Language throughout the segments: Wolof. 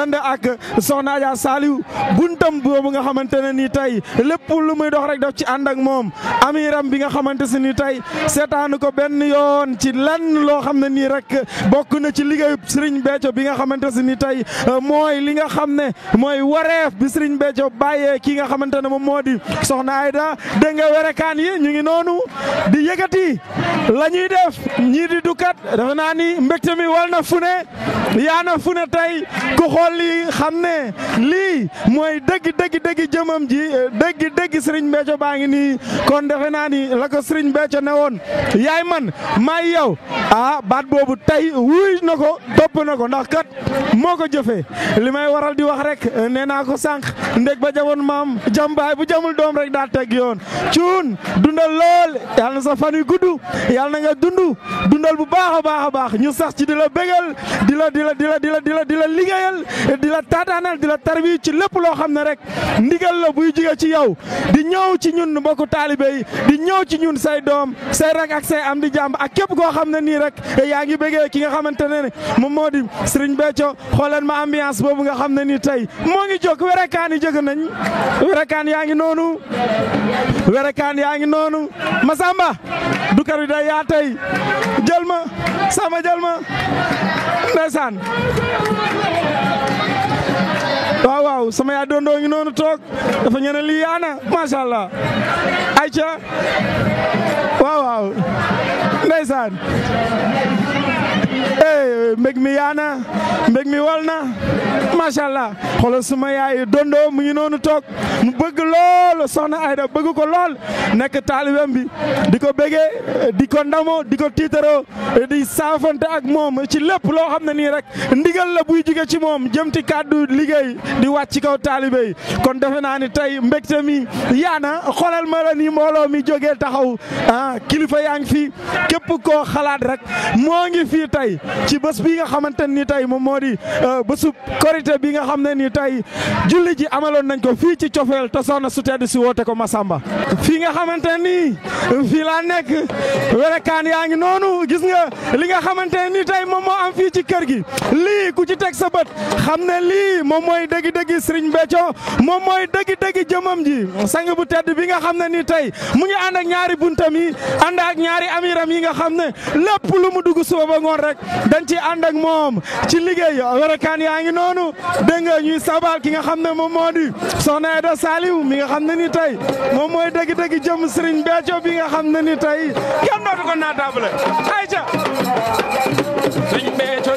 dend ak soxna Adja Saliou buntam boobu nga xamante ne nii tey lépp lu muy dox rek daf ci ànd ak moom amiram bi nga xamante si ni tey seetaanu ko benn yoon ci lenn loo xam ne nii rek bokk na ci liggéeyu Serigne Béthio bi nga xamante si ni tey euh, mooy li nga xam ne mooy wareef bi Serigne Béthio bàyyee ki nga xamante ne moom moo di soxna Aida da nga werekaan yi ñu ngi noonu di yëkkati la def ñii di dukat dafa naa ni mbégte mi wal na fu ne yaa na fu ne tey ku xool lii xam ne lii mooy dégg dégg dégg jëmam ji dégg dégg Serigne Béthio baa ngi nii kon defe naa ni la ko Serigne Béthio ne woon yaay man maay yow ah baat boobu tey wuy na ko topp na ko ndax kat moo ko jëfe li may waral di wax rek nee naa ko sànq ndeg ba jawoon maam jambaay bu jamul doom rek daa teg yoon cuun dundal lool yàlla na sa fan yu gudd yàlla na nga dund dundal bu baax a baax a baax ñu sax ci di la bégal di la di la di la di di la di la liggéeyal di la taataanal di la tarbi ci lépp loo xam ne rek ndigal la buy jóge ci yow di ñëw ci ñun mbokku taalibe yi di ñëw ci ñun say doom say rak ak say am di jàmb ak képp koo xam ne nii rek yaa ngi bëggee ki nga xamante ne ne moom moo di Serigne Béthio xooleen ma ambiance boobu nga xam ne nii tey moo ngi jóg werekaan yi nañ werekaan yaa ngi noonu werekaan yaa ngi noonu Masamba du karu day yaa tey jël ma sama jël ma ndeysaan waaw waaw sama yaa doondoo ngi noonu toog dafa ñene lii yaana macha allah ayca waaw waaw ndeysaan mbég mi yaa mbeg mi wal na macha allah xoolal suma yaay dondoo mu ngi noonu toog mu bëgg lool soxna Aida bëgg ko lool nekk taalibeem bi di ko bëggee di ko ndamoo di ko tiitaroo di saafante ak moom ci lépp loo xam ne nii rek ndigal la buy jóge ci moom jëm ci kàddu liggéey di wàcc ci kaw taalibe yi kon defe naa ni tey mbégte mi yaana na xoolal ma la nii mbooloo mi jogee taxaw ah kilifa yaa ngi fi képp koo xalaat rek moo ngi fii tey ci bés bi nga xamante ni tey moom moo di euh, bésub korité bi nga xam ne ni tey julli ji amaloon nañ ko fii ci cofeel te soxna su tedd si woote ko Masamba fii nga xamante ni fii laa nekk werekaan yaa ngi noonu gis nga li nga xamante ni tey moom moo am fii ci kër gi lii ku ci teg sa bët xam ne lii moom mooy dëgg-dëgg Serigne Béthio moom mooy dëgg-dëgg jëmam ji sang bu tedd bi nga xam ne ni tey mu ngi ànd ak ñaari buntam yi ànd ak ñaari amiram rek dañ ci ànd ak moom ci liggéey warakaan yaa ngi noonu dégg nga ñuy sabal ki nga xam ne moom moo di soxna Aida Saliou mi nga xam ne ni tay moom mooy dëgg-dëgg jëm Serigne Béthio nga xam ne ni tey kenn dootu ko naataable ayca Serigne Béthio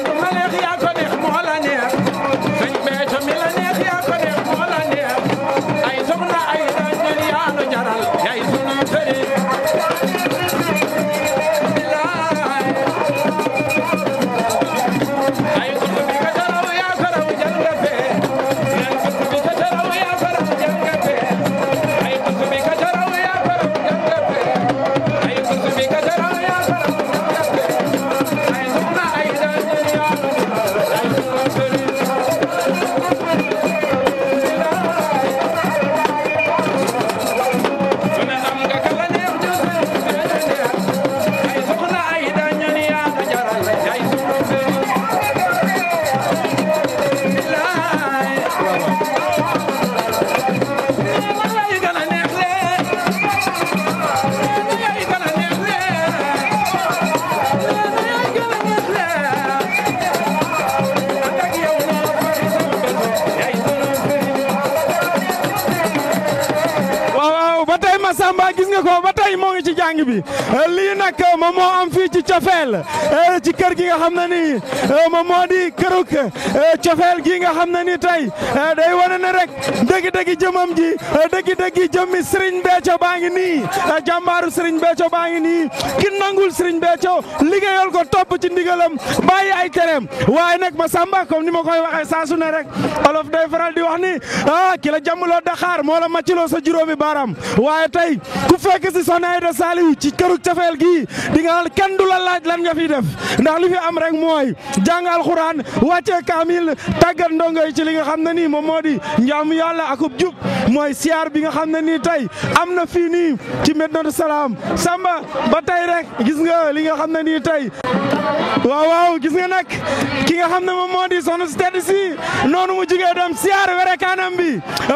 dëkk bi lii nag moom moo am fii ci ci kër gi nga xam ne nii moom moo di këruk cofeel gi nga xam ne ni tey day wane ne rek dëgg-dëgg jëmam ji dëgg-dëgg jëmmi Serigne Béthio baa ngi nii jàmbaaru Serigne Béthio baa ngi nii ki nangul Serigne Béthio liggéeyal ko topp ci ndigalam bàyyi ay tereem waaye nak ma samba comme ni ma koy waxee saa su rek olof day faral di wax ni ah ki la jàmmuloo Dakar moo la màcciloo sa juróomi baaraam tey ku fekk si Soxna Aïda Saliou ci kërug cafeel gi di nga kenn du la laaj lan nga fi def ndax li fi am rek mooy jàng alxuraan wàccee kaamil tàggat ndongo yi ci li nga xam ne nii moom moo di njaamu yàlla akub jub mooy siyaar bi nga xam ne nii tey am na fii nii ci Medinatoul Salam Samba ba tey rek gis nga li nga xam ne nii tey waaw waaw gis nga nag ki nga xam ne moom moo di soxna si tedd si noonu mu jugee doom siyaar were kaanam bi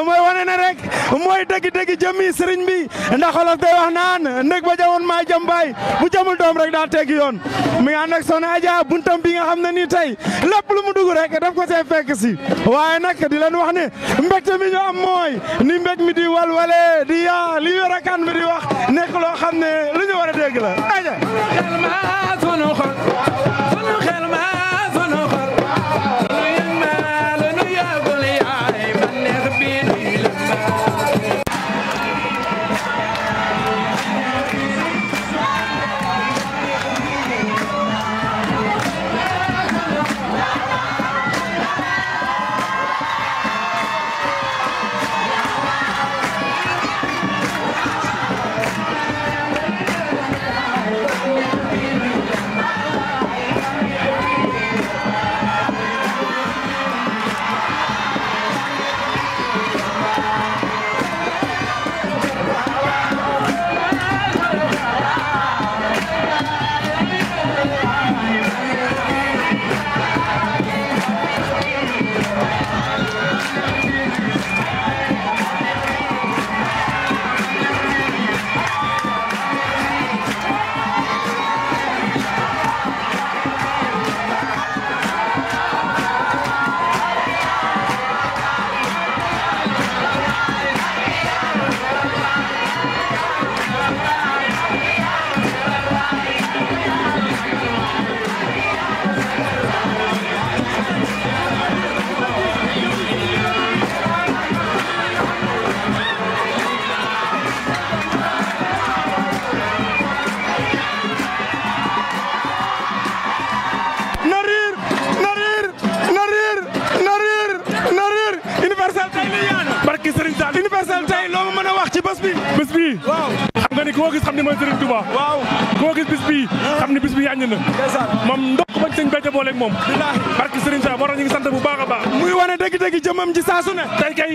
mooy wane ne rek mooy dëgg-dëgg jëmmi sëriñ bi ndax xolof day wax naan ndëg ba jawoon maa jëm baay bu jëmul doom rek daa tegg yoon mi nga ànd ak soxna Adja buntam bi nga xam ne nii tey lépp lu mu dugg rekk daf ko see fekk si waaye nag di leen wax ne mbégte mi ñu am mooy ni mbég mi di walwale di yaa li were kaan di wax nekk loo xam ne lu war a dégg la Adja bés bi bés bi waaw xam nga ni koo gis xam ni mooy Serigne Touba waaw koo gis bis bi ah. xam ni bis bi yàññ na moom ndokk bañ sëñ béjjo booleeg moom barke Serigne Touba moo tax ñu bu baax a muy wane dëgg-dëgg jëmam ji saa su ne tey kay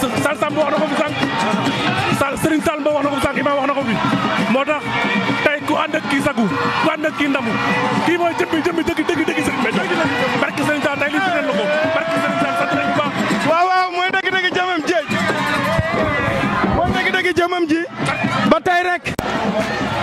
Sall Samb wax na ko fi sànq Sall Serigne Sall Mbow wax na ko fi sànq Ibrahima wax na ko bi moo tax tey ku ànd ak kii sagu ku ànd kii ndamu kii mooy Thank you.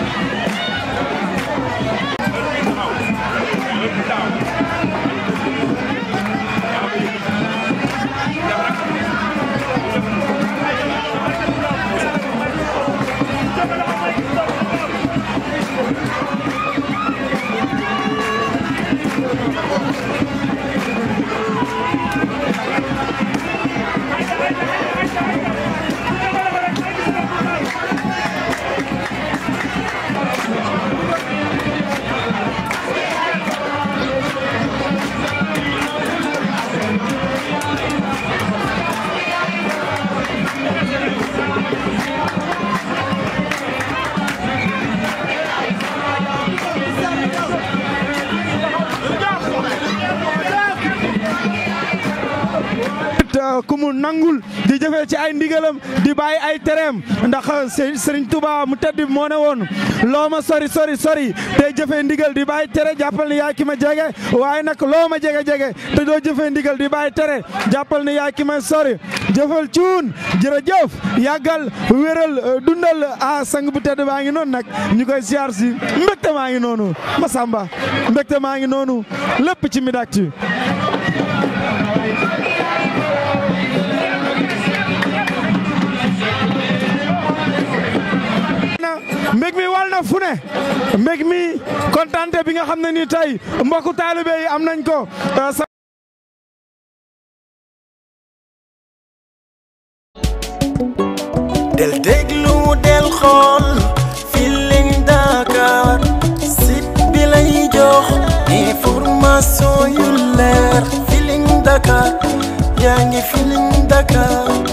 jëfee ci ay ndigalam di bàyyi ay tereem ndax Serigne Touba mu tedd moo ne woon loo ma sori sori sori tey jëfee ndigal di bàyyi tere jàppal ni yaay ki ma jege waaye nag loo ma jege jege te doo jëfee ndigal di bàyyi tere jàppal na yaay ki ma sori jëfal cuun jërëjëf yàggal wéral euh, dundal a sang bu tedd baa ngi noonu nag ñu koy siyaar si mbégte maa ngi noonu Masamba mbégte maa ngi noonu lépp ci Midi Actu mbég mi wal na fu ne bi nga xam ne nii tey am nañ ko euh, del déglu del xool Feeling Dakar site bi lay jox information yu leer Feeling Dakar yaa ngi Feeling Dakar